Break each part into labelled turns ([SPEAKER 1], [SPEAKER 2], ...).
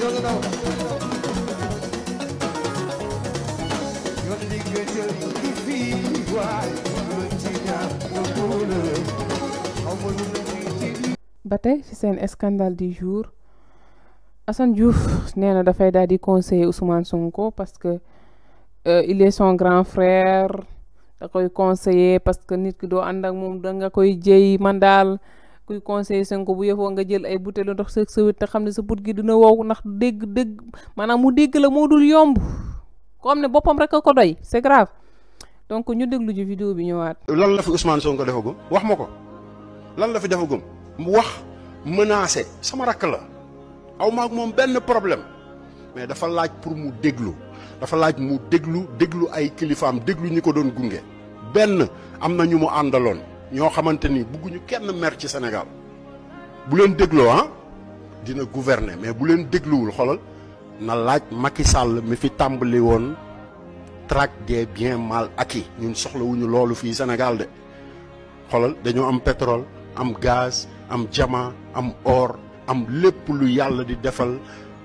[SPEAKER 1] batay
[SPEAKER 2] tey ci seen scandale jour Assane Diouf nee da fay di conseiller Ousmane Sonko parce que euh, il est son grand frère da koy conseiller parce que nit ki do ànd ak moom da nga koy jey man kuy conseiller Sonko bu yefo nga jël ay bouteille ndox sa sewit te xamne sa bout gi dina wow nak deg deg manam mu deg la modul yomb comme ne bopam rek a ko doy c'est grave donc ñu deglu ci vidéo bi ñëwaat.
[SPEAKER 1] lan la fi Ousmane Sonko defagum wax mako lan la fi defagum mu wax menacer sama rak la aw maag mom ben problème mais dafa laaj pour mu deglu dafa laaj mu deglu deglu ay kilifam deglu ñiko don gungé gunge amna ñu mu àndaloon. ñoo xamante ni kenn mer ci Sénégal bu leen dégloo ah dina gouverner mais bu leen dégluwul xolal na laaj Macky Sall mi fi tàmbali woon traque des biens mal acquis ñun soxlawuñu loolu fii Sénégal de xolal dañoo am pétrole am gaz am diamant am or am lépp lu yàlla di defal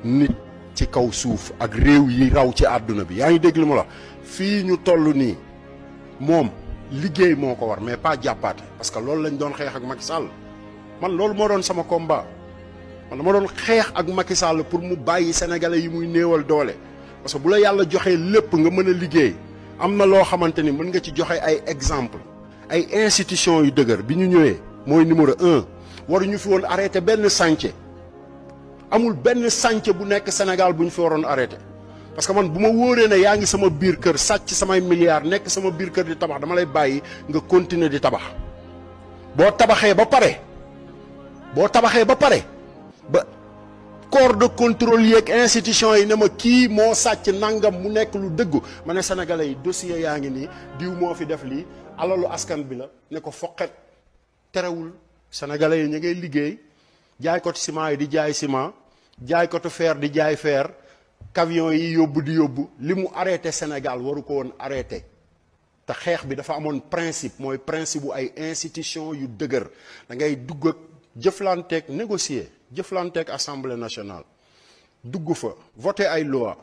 [SPEAKER 1] nit ci kaw suuf ak réew yi raw ci àdduna bi yaa ngi dégg Nous ñu liggéey moo ko war mais pas jàppaate parce que loolu lañ doon xeex ak Macky Sall man loolu moo doon sama combat man dama doon xeex ak Macky Sall pour mu bàyyi sénégalais yi muy néewal doole parce que bu la yàlla joxee lépp nga mën a liggéey am na loo xamante ni mën nga ci joxe ay exemple ay institution yu dëgër bi ñu ñëwee mooy numéro un waruñu fi woon arrêté benn chantier amul benn chantier bu nekk Sénégal bu ñu fi waroon arrêté parce que man buma woré né yaangi sama biir kër satch sama milliards nek sama biir kër di tabax dama lay bayyi nga continuer di tabax bo tabaxé ba paré bo tabaxé ba paré ba corps de contrôle yeeg institution yi ne ma ki mo satch nangam mu nek lu deug mané ne sénégalais yi dossier yaangi ni diw mo fi def li alalu askan bi la ne ko foqet téréwul sénégalais yi ñu ngay liggéey jaay ko ciment yi di jaay ciment jaay ko fer di jaay fer camion yi yóbbu di yóbbu li mu arrêté Sénégal waru ko woon arrêté te xeex bi dafa amoon principe mooy principe bu ay institution yu dëgër da ngay dugg ak jëflanteeg négocier jëflanteeg assemblée nationale dugg fa voté ay loi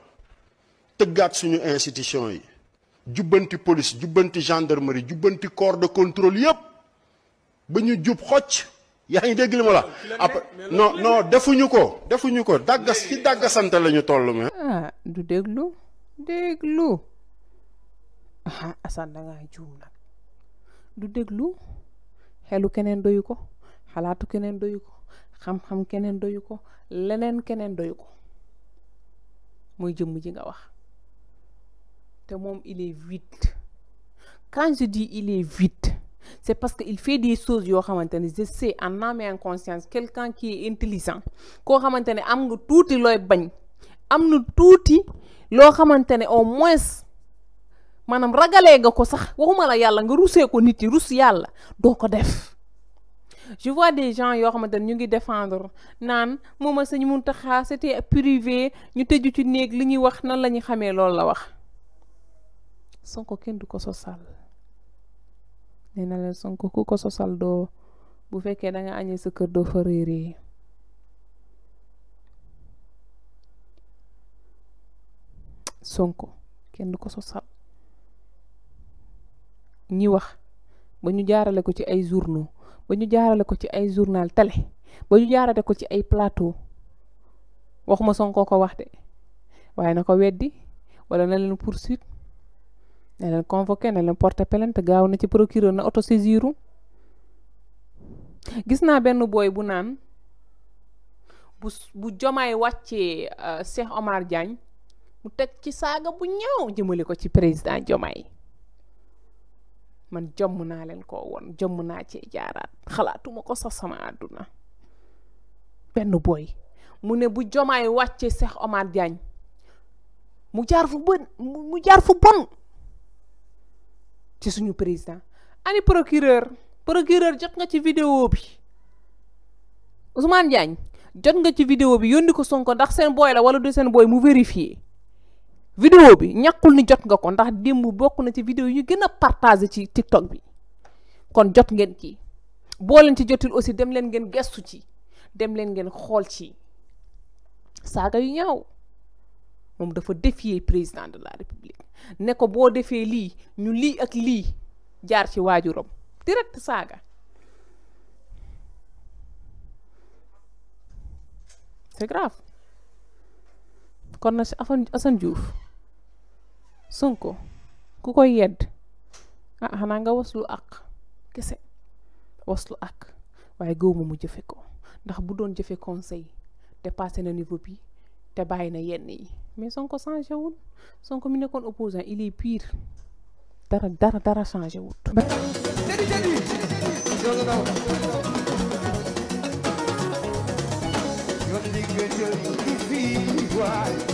[SPEAKER 1] tëggaat suñu institution yi jubbanti police jubbanti gendarmerie jubbanti corps de contrôle yépp ba ñu jub xoc yaa ngi dégg li ma la après non non defuñu ko defuñu ko dàggas ci dàggasante la ñu toll mais.
[SPEAKER 2] Ah, du déglu déglu ah Assane da juum nag du déglu xelu keneen doyu ko xalaatu keneen doyu ko xam-xam keneen doyu ko leneen keneen doyu ko mooy jëmm ji nga wax te moom il est vide quand je dis c'est parce qu'il fait des choses yo xamanteni je sais en âme et en conscience quelqu'un qui est intelligent ko xamanteni am nga touti loy bagn am na tuuti loo xamante au moins manam ragalé nga ko sax waxuma la yalla nga rousé ko nit yi rus yàlla doo ko def je vois des gens yo xamanteni ne ñu ngi défendre nan moma señ mun taxaa c'était privé ñu tëju ci neeg li ñuy wax nan la xamé lool la wax Sonko kenn du ko so sosal nee leen Sonko ku ko sosal doo bu fekkee da nga añee sa kër doo fa réeree Sonko kenn du ko sosal ñi wax bañu jaarale ko ci ay journaux ba jaarale ko ci ay journal télé bañu jaarale ko ci ay plateau waxuma Sonko ko wax de waaye na ko weddi wala na leen poursuite ne leen convoqué ne leen porté plainte gaaw na ci procureur na autosaisiru gis naa benn booy bu naan bu bu jomaay wàccee euh, Cheikh Omar Diagne mu teg ci saaga bu ñaw jëmale ko ci président jomaay man jomm naa leen ko woon jomm naa ci jaaraat xalaatuma ko sax sama àdduna benn booy mu ne bu jomaay wàccee Cheikh Omar Diagne mu jaar fu bën mu jaar fu bon ci suñu président ani procureur procureur jot nga ci video bi Ousmane Diagne jot nga ci video bi yónni ko Sonko ndax seen booy la wala du seen booy mu vérifier vidéo bi ñàkkul ni jot nga ko ndax démb bokk na ci vidéo yu gën a partagé ci TikTok bi kon jot ngeen ci boo leen ci jotul aussi dem leen ngeen gestu ci dem leen ngeen xool ci saaga yu ñaaw moom dafa défier président de la république ne ko boo defee lii ñu lii ak lii jaar ci waajuram direct saaga c'est grave kon na si afan Assane Diouf Sonko ku koy yedd ah xanaa nga waslu ak kese waslu ak waaye gëwma mu jëfe ko ndax bu doon jëfe conseil dépassé na niveau bi te bàyyi na yenn yi mais Sonko changé wul Sonko mi nekkoon opposant il est pire dara dara dara changé wul. You're
[SPEAKER 1] the nigga, you're